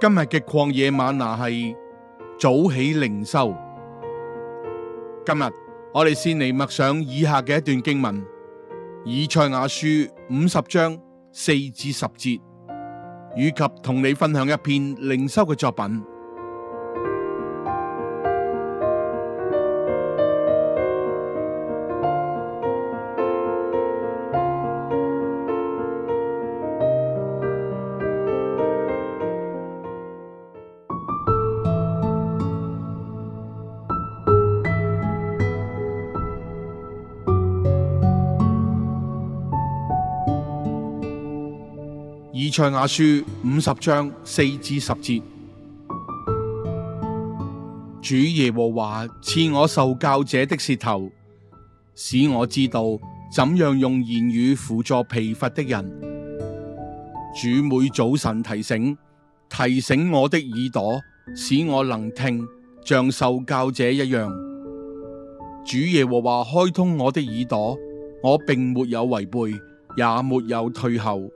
今日嘅曠野嗎哪係早起靈修。今日我哋先嚟默想以下嘅一段經文：以賽亞書五十章四至十節，以及同你分享一篇靈修嘅作品。以賽亞書五十章四至十節：主耶和華賜我受教者的舌頭，使我知道怎樣用言語輔助疲乏的人。主每早晨提醒，提醒我的耳朵，使我能聽，像受教者一樣。主耶和華開通我的耳朵，我並沒有違背，也沒有退後。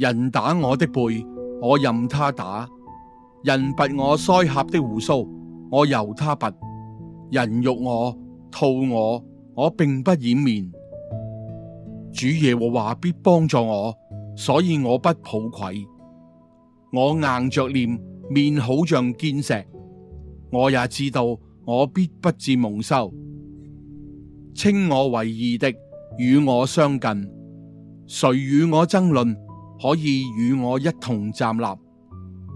人打我的背，我任他打；人拔我腮頰的鬍鬚，我由他拔。人辱我、吐我，我並不掩面。主耶和華必幫助我，所以我不抱愧。我硬着臉，面好像堅石。我也知道我必不至蒙羞。稱我為義的與我相近，誰與我爭論？可以與我一同站立，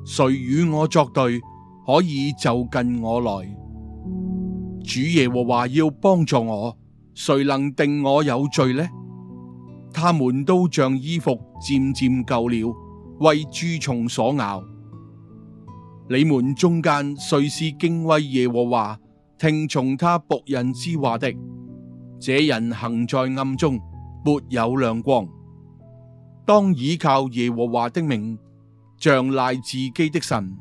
誰與我作對？可以就近我來。主耶和華要幫助我，誰能定我有罪呢？他們都像衣服漸漸舊了，為蛀蟲所咬。你們中間誰是敬畏耶和華、聽從他僕人之話的？這人行在暗中，沒有亮光。當倚靠耶和華的名，像賴自己的神。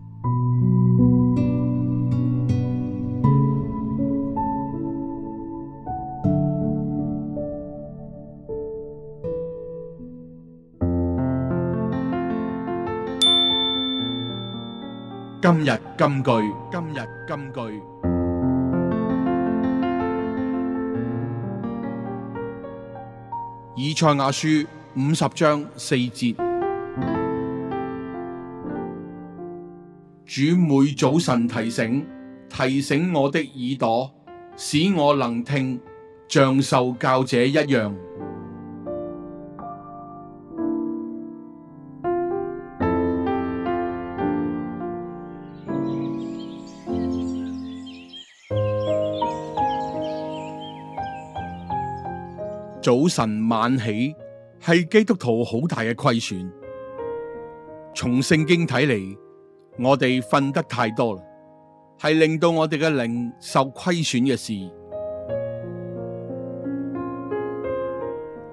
今日金句，今日金句，以賽亞書，五十章四節，主每早晨提醒，提醒我的耳朵，使我能聽像受教者一樣。早晨晚起，係基督徒好大嘅虧損。從聖經睇嚟，我哋瞓得太多啦，係令到我哋嘅靈受虧損嘅事。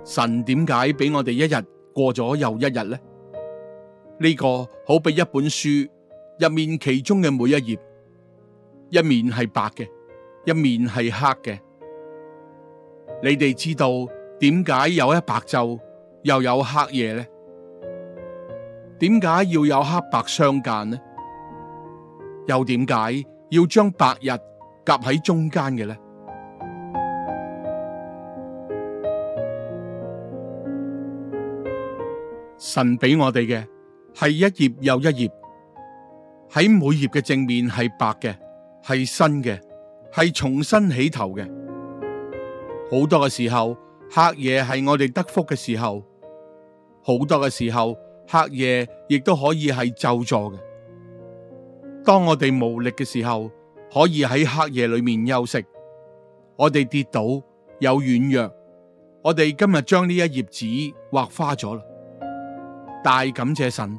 神點解俾我哋一日過咗又一日呢？呢、這個好比一本書入面其中嘅每一頁，一面係白嘅，一面係黑嘅。你哋知道點解有一白晝？又有黑夜呢？點解要有黑白相間呢？又點解要將白日夾喺中間嘅呢？神俾我哋嘅係一頁又一頁，喺每頁嘅正面係白嘅，係新嘅，係重新起頭嘅。好多嘅時候，黑夜係我哋得福嘅時候。好多嘅時候，黑夜亦都可以係救助嘅。當我哋無力嘅時候，可以喺黑夜裏面休息。我哋跌倒，有軟弱，我哋今日將呢一頁紙畫花咗啦。大感謝神，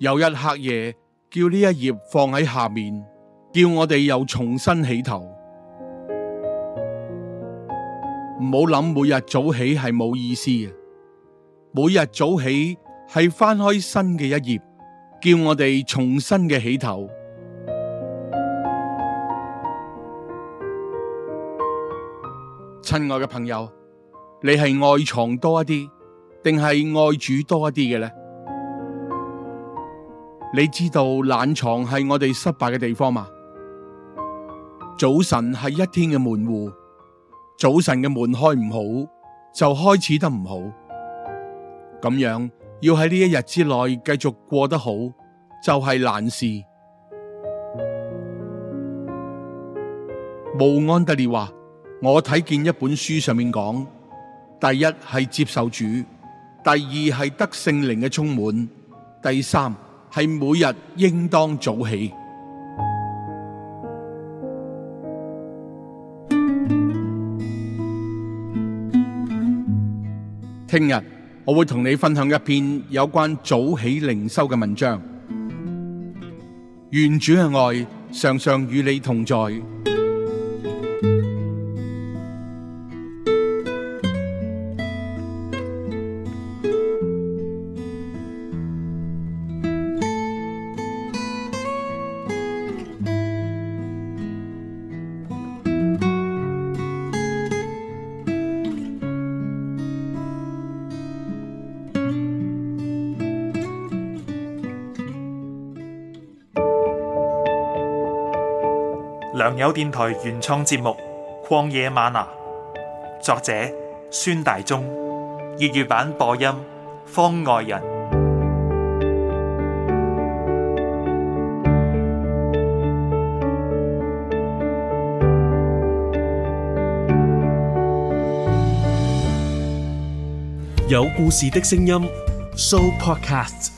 有一黑夜叫呢一頁放喺下面，叫我哋又重新起頭。唔好諗每日早起係冇意思嘅。每日早起係翻開新嘅一頁，叫我哋重新嘅起頭。親愛嘅朋友，你係愛床多一啲，定係愛主多一啲嘅呢？你知道懶床係我哋失敗嘅地方嗎？早晨係一天嘅門戶，早晨嘅門開唔好，就開始得唔好。咁樣要喺呢一日之內繼續過得好，就係難事。慕安得烈話，我睇見一本書上面講：第一係接受主，第二係得聖靈嘅充滿，第三係每日應當早起。聽日。我會同你分享一篇有關早起靈修嘅文章。願主嘅愛常常與你同在。良友電台原創節目《曠野嗎哪》，作者孫大中，粵語版播音方外人，有故事的聲音，Show Podcast。